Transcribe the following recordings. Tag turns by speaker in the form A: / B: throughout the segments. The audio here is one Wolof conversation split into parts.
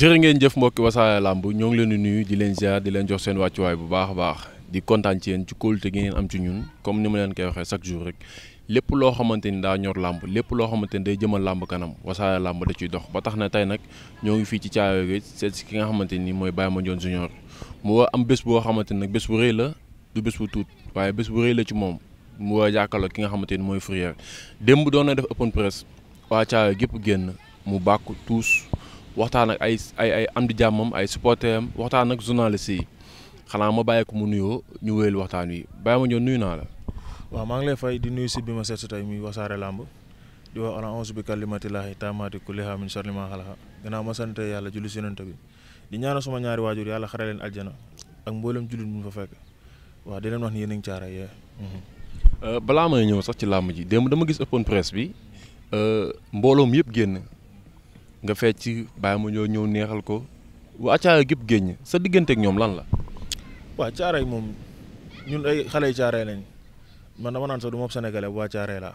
A: jërë ngeen jëf mbokki wasaare làmb ñoo ngi leen di nuyu di leen ziar di leen jox seen wàccuwaay bu baax a baax di kontaan ci yéen ci kóolute gi ngeen am ci ñun comme ni ma leen koy waxee chaque jour rek lépp loo xamante ni daa ñor làmb lépp loo xamante ni day jëmal làmb kanam wasaare làmb da ciy dox ba tax na tey nag ñoo ngi fii ci caayoo gi seet si ki nga xamante ni mooy Baye Mandione Junior mu war am bés boo xamante ni nag bés bu rëy la du bés bu tuut waaye bés bu la ci moom mu war ki nga xamante ni mooy Fourrière démb doon na def open press waa caayoo gépp génn mu bàkku tuus waxtaan ak ay ay ay am di jàmmam ay supporter am waxtaan ak journaliste yi xanaa ma bàyyi ko mu nuyoo ñu wéyal waxtaan wi bàyyi ma ñëw nuyu naa
B: la. waaw maa ngi lay fay di nuyu si bi ma seet si tey muy wasaare làmb di wax ala onze bi kalimatillahi taamaati kulli haa min sharri maa xalaqa gannaaw ma sant yàlla julli si yonent bi di ñaanal suma ñaari waajur yàlla xare leen aljana ak mboolem jullit mu fa fekk waaw di leen wax yéen a ngi caara mm-hmm.
A: euh, balaa may ñëw sax ci làmb ji démb dama gis open press bi euh, mbooloom yëpp génn. nga fee ci bàyyi ma ñoo ñëw neexal ko waa Caaroy gépp sa digganteeg ñoom lan la.
B: waa Caaroy moom ñun ay xale yu Caaroy lañ man dama naan sax du ma Sénégalais waa Caaroy laa.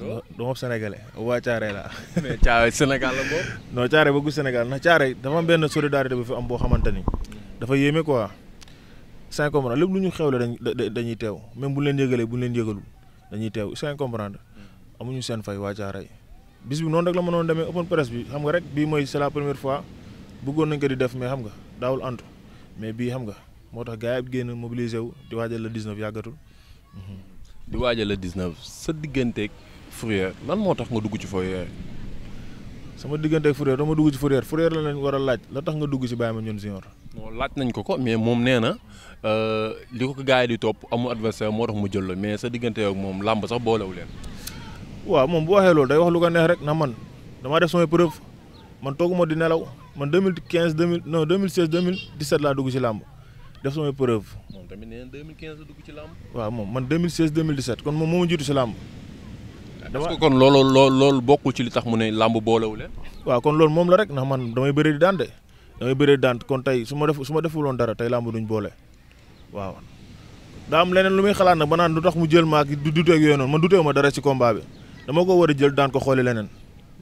B: waaw oh. du ma Sénégalais waa Caaroy laa. la boobu. non Caaroy bëggu Sénégal ndax Caaroy dafa am benn solidarité bu fi am boo xamante ni dafa yéeme quoi. sans comprendre lépp lu ñu xewle dañuy dañuy teew même bu leen yëgalee bu leen yëgalu dañuy teew sans comprendre hmm. amuñu seen fay waa Caaroy bis bi noonu rek la mënoon demee open press bi xam nga rek bii mooy c'est la première fois bëggoon nañ ko di def mais xam nga daawul antu mais bii xam nga moo tax gars yi génn mobilisé wu di waajal la 19 yàggatul.
A: di waajal le 19 sa digganteeg Fourrière lan moo tax nga dugg ci Fourrière.
B: sama digganteeg Fourrière dama dugg ci Fourrière Fourrière la lañ war a laaj la tax nga dugg ci Baye si Junior.
A: moo laaj nañ ko ko mais moom neena na euh, li ko ko gars yi di topp amu adversaire moo tax ma jël mais sa digganteeg moom làmb sax boolewu leen.
B: waaw moom bu waxee loolu day wax lu ko neex rek na man damaa def samay preuve man tooguma di nelaw man 2015 2000 non 2016 2017 laa dugg ci làmb def samay preuve.
A: moom tamit nee na 2015 la dugg ci làmb.
B: waaw moom man 2016 2017 kon moom moo ma jiitu ci làmb. dama est-ce que kon loolu loolu loolu bokkul ci li tax
A: mu ne làmb boolewule.
B: waaw kon loolu moom la rek ndax man damay bëri di daan de damay bëri di daan kon tey su ma def su ma defuloon dara tey làmb duñ boole waaw. daa am leneen lu muy xalaat nag ba naan lu tax mu jël maak du duteeg yooyu noonu man duteewu ma dara ci combat bi. dama ko war a jël daan ko xooli leneen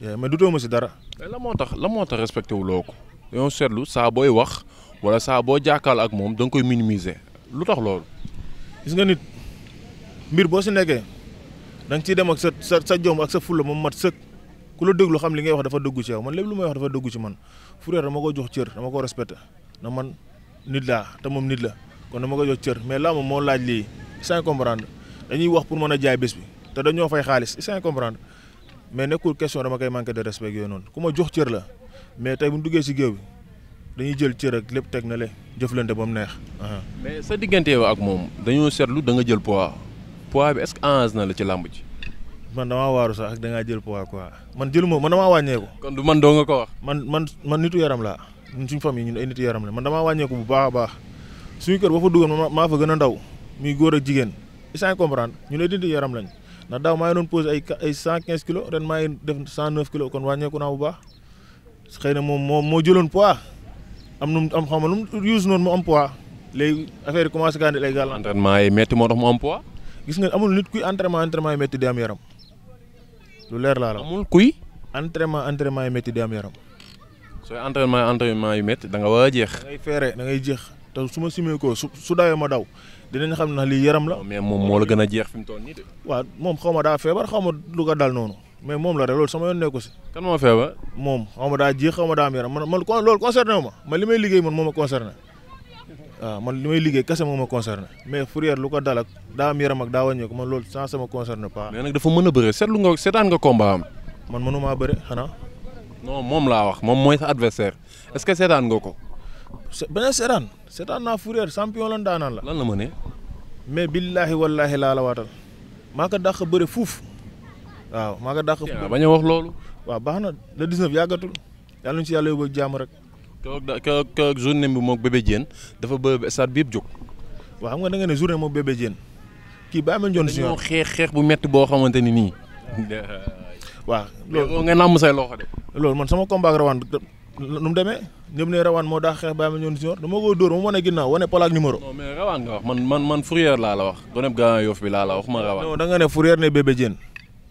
B: eh, mais dutoo ma si dara.
A: la moo tax la moo tax respecté wu ko dañoo seetlu saa booy wax
B: wala saa boo jàkkaal ak moom danga koy minimiser lu tax loolu. gis nga nit mbir boo si nekkee da nga ciy dem ak sa sa sa jom ak sa fulla moom mat sëkk ku la déglu xam li ngay wax dafa dëggu ci yow man lépp lu may wax dafa dëggu ci man Fourrière dama ko jox cër dama ko respecté na man nit laa te moom nit la kon dama ko jox cër mais laa moom moo laaj lii sans comprendre dañuy wax pour mën a jaay bés bi. te dañoo fay xaalis c'est comprendre mais nekkul question dama koy manqué de respect yooyu noonu ku ma jox cër la mais tey bu ñu duggee si géew bi dañuy jël cër ak lépp teg na le jëflante ba mu neex.
A: mais sa diggante yow ak moom dañoo seetlu da nga jël pois poids bi est-ce que na la ci làmb ji.
B: man damaa waaru sax ak da ngaa jël poids quoi man jëlu jëluma man damaa wàññeeku. kon du man doo nga ko wax. man man man nitu yaram laa ñun suñu famille ñun ay nitu yaram la man damaa wàññeeku bu baax baax suñu kër boo fa duggoon maa fa gën a ndaw muy góor ak jigéen. il comprendre ñun ay nitu yaram lañ ndax daaw maa ngi doon posé ay ay cent quinze kilos ren maa ngi def cent neuf kilos kon wàññeeku naa bu baax xëy na moom moo moo jëloon poids am nu am xaw ma nu mu use noonu mu am poids léegi affaire yi commencé kaa indil ay gàll.
A: yi métti moo tax mu am
B: poids. gis nga amul nit kuy entraînement entraînement yi métti di am yaram lu leer laa la. amul kuy. entraînement entraînement yi métti di am yaram.
A: sooy entraînement entraînement yu métti da nga war a jeex. da ngay feere
B: da ngay jeex. te su ma simee ko su su dawee ma daw dinañ xam ne lii yaram la. mais moom moo
A: la gën a jeex fi mu toll nii de.
B: waaw moom xaw ma daa feebar xaw ma lu ko dal noonu mais moom la rek sama yoon nekku si. kan moo feebar. moom xaw ma daa jeex xaw ma daa am yaram man man loolu concerné wu ma man li may liggéey man moo ma man li may liggéey kese moo ma concerné mais fourrière lu ko dal ak daa am yaram ak daa wàññeeku man sama concerné pas.
A: mais dafa mën a bëre seetlu nga seetaan nga combat am.
B: man mënumaa bëre xanaa. non moom laa wax moom mooy sa adversaire est que seetaan nga ko bañ a seetaan seetaan naa Fourrière champion la ndaanaan la. lan la ma ne. mais billaahi wallaahi laa la waatal maa ko dàq bëre fuuf waaw maa ko dàq. bañ a wax loolu. waaw baax na la 19 yàggatul yàlla ñu si yàlla yóbbu ak jàmm rek.
A: keroog keroog journée bi moom bébé Diène dafa bëre stade bi yëpp jóg.
B: waaw xam nga da nga ne journée moo bébé Diène kii bàyyi ma njoon si ñoom
A: xeex xeex bu metti boo xamante ni nii.
B: waaw loolu nga nàmm say loxo de. loolu man sama combat rawaan nu mu demee ñoom ne rawaan moo daax xeex bàyyi ma ñoon siñor dama ko dóor moom wane ginnaaw wane plaque numéro non
A: mais man man man fourrière laa la wax goneb Grand Yoff
B: laa la wax ma rawaan non da nga ne fourrière ne bébé Diène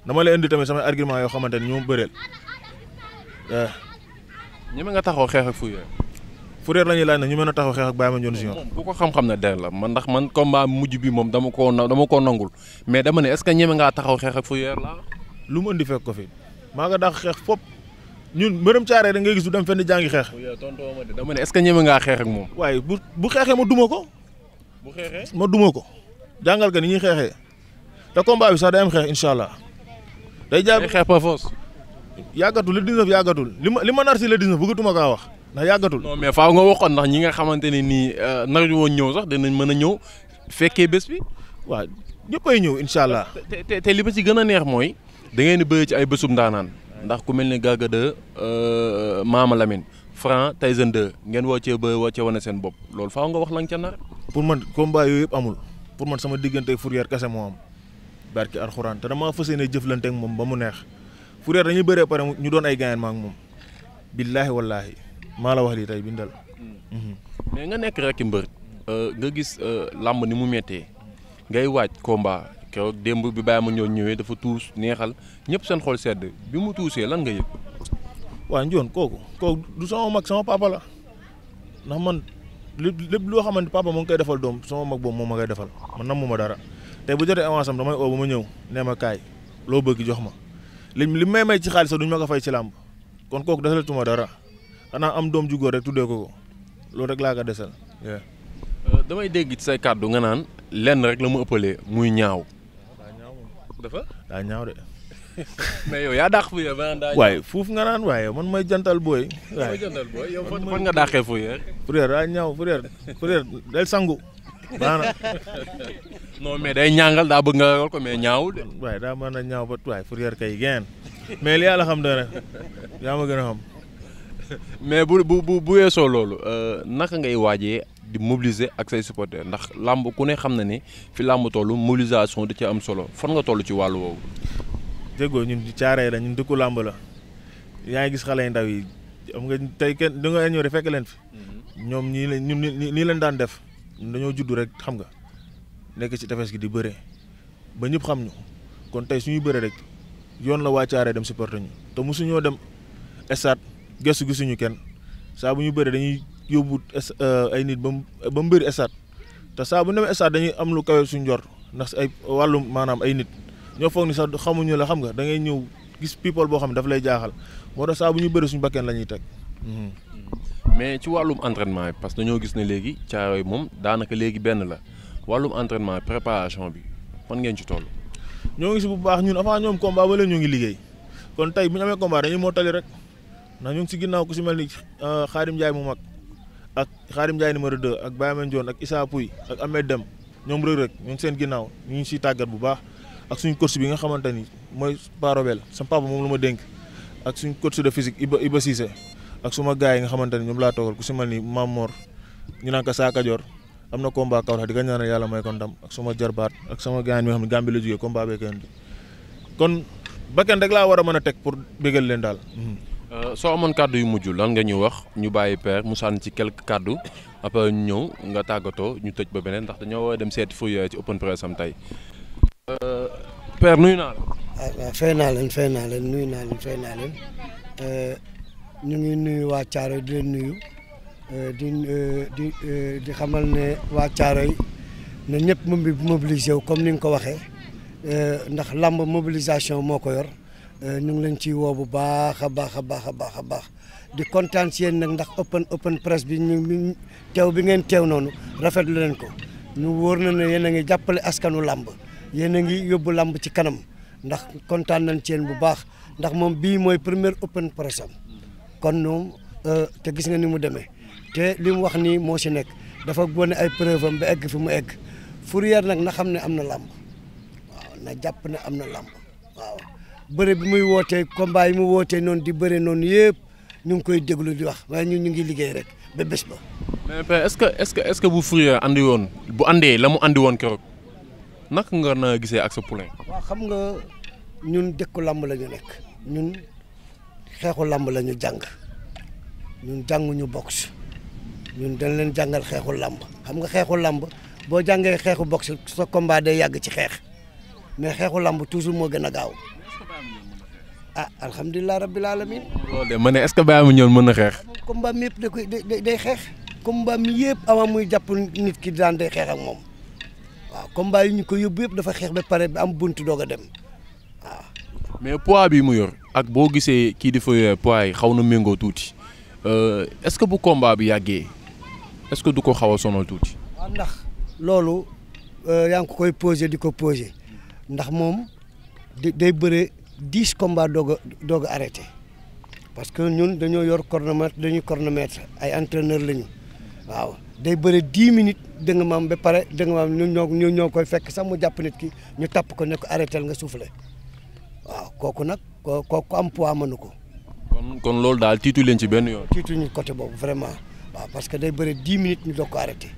B: dama lay indi tamit samay argument yoo xamante ne ñoom bëreel waaw ñi ma nga taxaw xeex ak fourrière fourrière la ñuy laaj nag
A: ñu mën a taxaw xeex ak ma ñoon siñor bu ko xam-xam ne der man ndax man combat mujj bi moom dama koo dama koo nangul mais dama est-ce que ñi ma ngaa taxaw xeex ak fourrière la lu mu indi fekk ko fi
B: maa nga daax xeex fop ñun mbërëm caare da ngay gis du dem fenn jàngi xeex. dama ne est-ce que ñeme ngaa xeex ak moom. waaye bu bu xeexee ma duma ko. bu xeexee ma duma ko. jàngal ko ni ñuy xeexee te combat bi sax day am xeex incha allah. day jaay xeex par force. yàggatul le 19 yàggatul li ma li ma nar si le 19 bëggatuma kaa wax ndax yàggatul. mais faaw nga waxoon ndax ñi nga
A: xamante ne nii euh, nar woon ñëw sax danañ mën a ñëw fekkee bés bi. waaw ñëppay ñëw incha allah. te te li ba ci gën a neex mooy da ngeen di ci ay bésum ndaanaan ndax ku mel ni Gaga 2 euh, Maama Lamine Franc Tyson 2 ngeen woo cee ba woo cee wane
B: seen bopp loolu faaw nga wax lan ca nar. pour man combat yooyu yëpp amul pour man sama diggante Fourrière kese moo am barki alxuraan te damaa fas yéene jëflante moom ba mu neex Fourrière dañuy bëree pare ñu doon ay gaañan ma ak moom. billaahi wallaahi maa la wax lii tey bindal. Hmm.
A: mais nga nekk rek mbër. Euh, nga gis euh, làmb ni mu méttee. ngay waaj komba keroog démb bi bàyyi ma ñoo ñëwee dafa tuus neexal ñëpp seen xol sedd bi mu tuusee lan nga
B: yëg. waaw njoon kooku kooku du sama mag sama papa la ndax man li lépp loo xamante papa mu ngi koy defal doom sama mag boobu moom ma koy defal man nam mu ma dara tey bu jotee avance am damay oo ba ma ñëw nee ma loo bëgg jox ma li li may may ci xaalis sax duñ ma ko fay ci làmb kon kooku desalatuma dara xanaa am doom ju góor rek tuddee ko ko loolu rek laa ko desal. Euh,
A: damay dégg say kàddu nga naan lenn rek la mu ëppalee muy ñaaw.
B: dafa. daa ñaaw de. mais yow yaa dàq fuy yow maanaam daa. waaye man mooy jantal booy. waaye jantal booy yow fan daa ñaaw frère frère del sangu. maanaam.
A: non mais day ñaangal
B: daa bëgg nga yor ko mais ñaawul de. waaye a ñaaw ba waaye frère kay geen mais li yàlla xam dara yaa ma gën a xam. mais bu bu bu bu weesoo loolu euh, naka ngay
A: waajee di mobiliser ak say supporters ndax làmb ku ne xam na ni fi làmb toll mobilisation
B: di ci am solo fan nga toll ci wàllu woowu. déggoo ñun caaree la ñun dëkku làmb la yaa ngi gis xale ndaw yi am nga tey kenn da nga ñëw rek fekk leen fi. Mhm. ñoom ñii la ñun nii leen daan def ñun dañoo rek xam nga nekk ci tefes gi di bëre ba ñëpp xam ñu kon tey suñuy bëre rek yoon la waa caaree dem supporter ñu te mosuñoo dem stade gëstu gisuñu kenn saa bu ñu bëree dañuy. yóbbu eh, ay nit ba mu ba mu bëri te saa bu demee stade dañuy am lu kawe suñ jor ndax ay wàllum maanaam ay nit ñoo foog ni sax xamuñu la xam nga da ngay ñëw gis people boo xam ne daf lay jaaxal moo tax ñu bëri suñu bakkeen la ñuy teg. Mhm.
A: mais ci wàllum entraînement yi parce que dañoo gis ne léegi Thiaroye moom daanaka léegi benn la wàllum entraînement préparation bi fan
B: ngeen ci toll. ñoo ngi si bu baax ñun avant ñoom combat ba leen ñoo ngi liggéey kon tey bu ñu amee combat dañuy mottali rek ndax ñu si ginnaaw ku si mel ni Xaadim eh, mu mag. ak Xaadim Ndiaye numéro 2 ak Baye Mandione ak Issa Pouy ak Ahmed Dem ñoom Reug Reug ñu seen ginnaaw ñu ngi siy tàggat bu baax ak suñu coach bi nga xamante ni mooy parobel sama papa moom la ma dénk ak suñu coach de physique Iba Iba Cissé ak suma gars yi nga xamante ni ñoom laa toogal ku si mel ni Mam Mor ñu naan ko Saa Kajoor am na combat Kaolack di ko ñaanal yàlla may kon ndam ak suma jarbaat ak sama gars yi nga xam ne Gambie la jógee combat beeg kon bakkan rek laa war a mën a teg pour bégal leen daal. Mm-hmm.
A: Euh, soo amoon kàddu yu mujj lan nga ñu wax ñu bàyyi père mu ci quelques kàddu après ñu ñëw nga tàggatoo ñu tëj ba beneen ndax dañoo war dem seeti fu ci open press am tey. Euh,
C: père nuyu naa la. waaw ah, naa leen fay naa euh, ñu ngi nuyu waa Thiaroye di leen nuyu di di di xamal ne waa Thiaroye ne ñëpp mobilisé wu comme ni nga ko waxee ndax làmb mobilisation moo ko yor. Euh, ñu ngi leen ciy woo bu baax a baax a baax a baax a baax di kontaan si yéen nag ndax open open presse bi ñu teew bi ngeen teew noonu rafetlu leen ko ñu wóor na ne yéen a ngi jàppale askanu làmb yéen a ngi yóbbu làmb ci kanam ndax kontaan nañ ci bu baax ndax moom bii mooy première open presse am kon ñoom euh, te gis nga ni mu demee li mu wax nii moo si nekk dafa gone ay preuve am egg fi mu egg furier nag na xam ne am na làmb waaw na jàpp ne am na làmb waaw bëre bi muy wootee combat yi mu wootee noonu di bëre noonu yëpp ñu ngi koy déglu di wax waaye ñu ñu ngi liggéey rek ba bés ba.
A: mais père est-ce que est-ce que est-ce que bu Fourrière andi woon bu andee la mu andi woon keroog naka nga na gisee ak sa poulain.
C: waaw xam nga ñun dëkku làmb la ñu nekk ñun xeexu làmb la ñu jàng ñun jànguñu boxe ñun dañ leen jàngal xeexu làmb xam nga xeexu làmb boo jàngee xeexu boxe sa combat day yàgg ci xeex mais xeexu làmb toujours moo gën a gaaw. ah alhamdulilah rabbil alamin
A: loolu de ma ne mu ce mën na xeex.
C: combat mi yëpp da koy day xeex. combat mi yëpp avant muy jàpp nit ki daan day xeex ak moom waaw combat yi ñu ko yóbbu yëpp dafa xeex ba pare ba am buntu doog a dem
A: waaw. mais poids bi mu yor ak boo gisee kii di fa euh, poids yi xaw na méngoo tuuti euh, est-ce que bu combat bi yàggee est que du ko xaw a sonal tuuti. waaw ndax
C: loolu euh, yaa ngi koy posé di ko posé ndax moom day bëre. dix combats doog a doog arrêté parce que ñun dañoo yor chronomètre dañuy chronomètre ay entraîneur lañu waaw day bëri dix minutes da nga maam ba pare da maam ñu ñoo ñu ñoo koy fekk sax mu jàpp nit ki ñu tapp ko ne ko arrêté nga soufflé waaw kooku nag ko kooku am poids mënu ko.
A: kon kon loolu daal tiitu leen ci benn yoon.
C: tiitu ñu côté boobu vraiment waaw parce que day bëri dix minutes ñu doog ko arrêté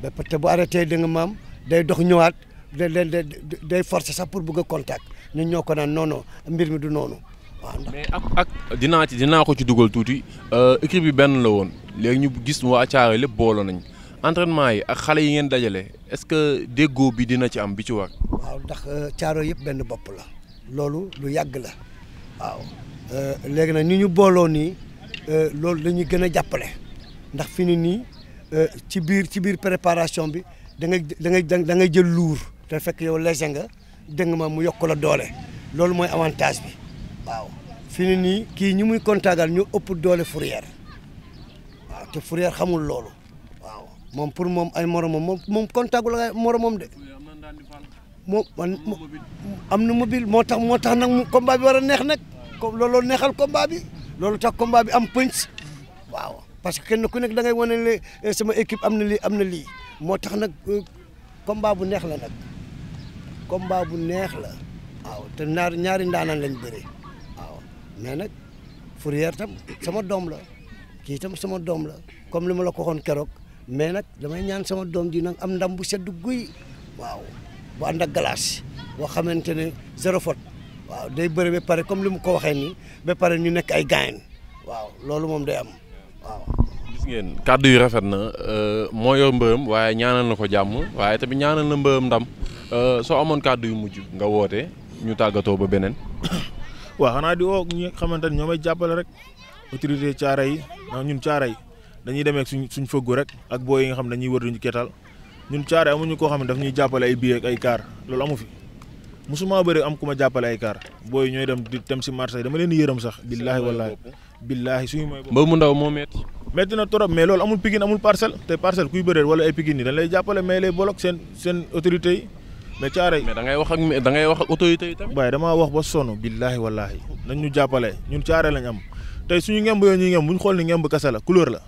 C: ba te bu arrêté da nga maam day dox ñëwaat day day day forcer sax pour bëgg a contact. ñun ñoo ko naan non mbir mi du noonu
A: waaw. mais ak ak dinaa dinaa ko ci dugal tuuti euh, équipe bi benn la woon léegi ñu gis waa Thiaroye lépp booloo nañ entraînement yi ak xale yi ngeen dajale est-ce que déggoo bi dina ci am bi ci war. waaw
C: ndax euh, Thiaroye yëpp benn bopp la loolu lu yàgg la waaw euh, léegi nag ni ñu booloo nii loolu la gën a jàppale ndax fi ni nii ci biir ci biir préparation bi da ngay da ngay da ngay jël luur te fekk yow léger nga. dégg ma mu yokkula doole loolu mooy avantage bi waaw fi ni nii kii ñu muy kontaagal ñu ëpp doole fourrière waaw te fourrière xamul loolu waaw moom pour moom ay moromam moom moom kontaagul ak ay moromam de moom am na mobile moo tax moo tax nag mu combat bi war a neex nag comme looloo neexal combat bi loolu tax combat bi am punch waaw parce que kenn ku nekk da ngay wane eh, sama équipe am na lii am na lii moo tax nag eh, combat bu neex la nag. combat bu neex la waaw te ñaar ñaari ndaanaan lañ bëre waaw mais nag Fourrière tam sama doom la kii tam sama doom la comme li ma la ko waxoon keroog mais nag damay ñaan sama doom ji nag am ndam bu sedd guy waaw bu ànd ak glace boo xamante ne zéro faute waaw day bëre ba pare comme li mu ko waxee nii ba pare ñu nekk ay gaayen waaw loolu moom day am waaw.
A: kàddu yu rafet na euh, moo yor mbërëm waaye ñaanal na ko jàmm waaye tamit ñaanal na mbërëm ndam. Euh, soo amoon kàddu yu mujj nga woote ñu tàggatoo ba beneen.
B: waa xanaa di woo ñu xamante ni ñoo may jàppale rek autorité caara yi ndax ñun caara yi dañuy demee suñ suñ fëggu rek ak booy yi nga xam dañuy wër duñu ketal ñun caara amuñu koo xam ne daf ñuy jàppale ay billets ak ay car loolu amu fi musuma bëri am ku ma jàppale ay car booy ñooy dem di dem si marché dama leen yërëm sax. billaahi wallaahi billaahi suñu mooy mbër mu ndaw moo metti metti na trop mais loolu amul Pikine jàppale mais lay bolok seen seen autorité yi mais caaray mais da ngay wax ak da ngay wax ak autorité yi tamit. waaye damaa wax ba sonn billaahi wallaahi nañ ñu jàppale ñun caaray lañ am tey suñu ngemb yooyu ñuy ngemb bu ñu xool ni ngemb kese la couleur la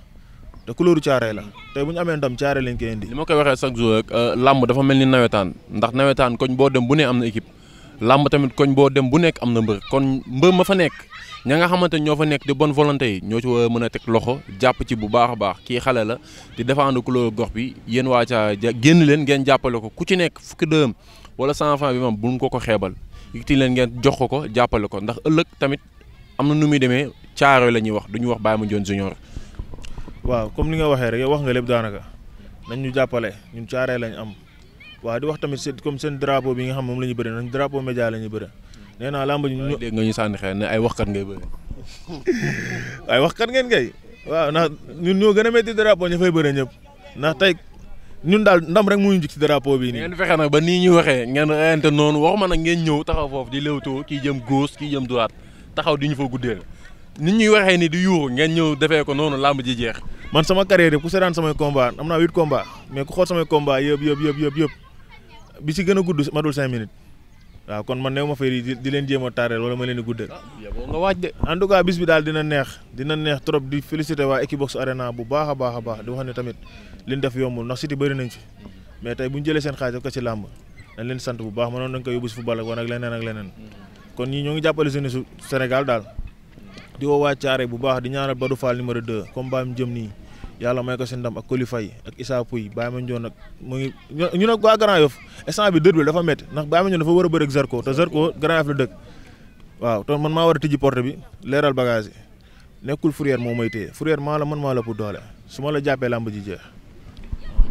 B: te couleur caaray la tey bu ñu amee ndam caaray lañ koy indi.
A: li ma koy waxee chaque jour rek euh, làmb dafa mel ni nawetaan ndax nawetaan koñ boo dem bu nee am na équipe làmb tamit koñ boo dem bu nekk am na mbër kon mbër ma fa nekk ña nga xamante ñoo fa nekk di bon volonté yi ñoo ci war mën a teg loxo jàpp ci bu baax a baax kii xale la di défendre couleur gox bi yéen waa ca génn leen ngeen jàppale ko ku ci nekk fukki dërëm wala cent franc bi moom mu ko ko xeebal ti leen ngeen jox ko ko jàppale ko ndax ëllëg tamit am na nu muy demee caaro la ñuy wax du ñu wax Baye Mandione Junior.
B: waaw comme li nga waxee rek wax nga lépp daanaka nañ ñu jàppale ñun caaree lañ am waaw di wax tamit comme seen drapeau bi nga xam moom la ñu bëri nañ drapeau média la ñu bëri nee naa làmb ji ñu. dégg nga ñu sànni xeer ne ay wax kat ngay bëri. ay waxkat ngeen kay. waaw ndax ñun ñoo gën a métti drapeau ñu fay bëre ñëpp ndax tey ñun daal ndam rek mu ñu jik si drapeau bii nii. ngeen fexe nag ba nii ñu waxee ngeen reyante
A: noonu waxuma nag ngeen ñëw taxaw foofu di léwtoo kii jëm gauche kii jëm droite taxaw di ñu fa nit ñuy waxee ni di yuuxu ngeen ñëw defee ko noonu làmb ji jeex.
B: man sama carrière yëpp ku seetaan samay combat am naa huit combat mais ku xool samay combat yëpp yëpp yëpp yëpp yëpp bi si gën a gudd matul cinq minutes. waaw kon man new ma fay di leen jéem a taareel wala ma leen di guddal. Ah, nga waaj de. en bis bi daal dina neex dina neex trop di féliciter waa Equivox Arena bu baax a baax a baax di wax ne tamit li ñu def yombul ndax Siteu bëri nañ fi mais tey bu ñu jëlee seen xaaj def ko ci làmb dañ leen sant bu baax mënoon nañ ko yóbbu si football ak woon ak leneen ak leneen kon ñii ñoo ngi jàppale jeunesse su Sénégal daal di woo waa Thiaré bu baax di ñaanal Badou Fall numéro 2 combat jëm nii yàlla may ko si ndam ak Coly Faye ak Issa Pouye Baye Mandione nag mu ngi ñu nag waa Grand Yoff instant bi dër bi dafa métti ndax Baye Mandione dafa war a bëri ak Zarko te Zarko Grand Yoff waaw te man maa war a tijji bi leeral bagage nekkul fourrière moo may téye fourrière maa la mën maa la ëpp doole su ma la jàppee làmb ji jeex.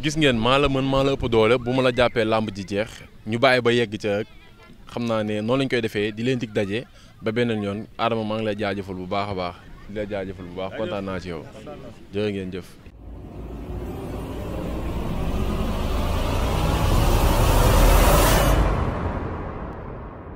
A: gis ngeen maa la mën maa la ëpp doole bu ma la jàppee làmb ji jeex ñu bàyyi ba yegg ca xam naa ne noonu lañ koy defee di leen dig daje ba beneen yoon Adama maa ngi lay jaajëfal bu baax a baax. di la jaajëfal bu baax kontaan ci yow jërë ngeen jëf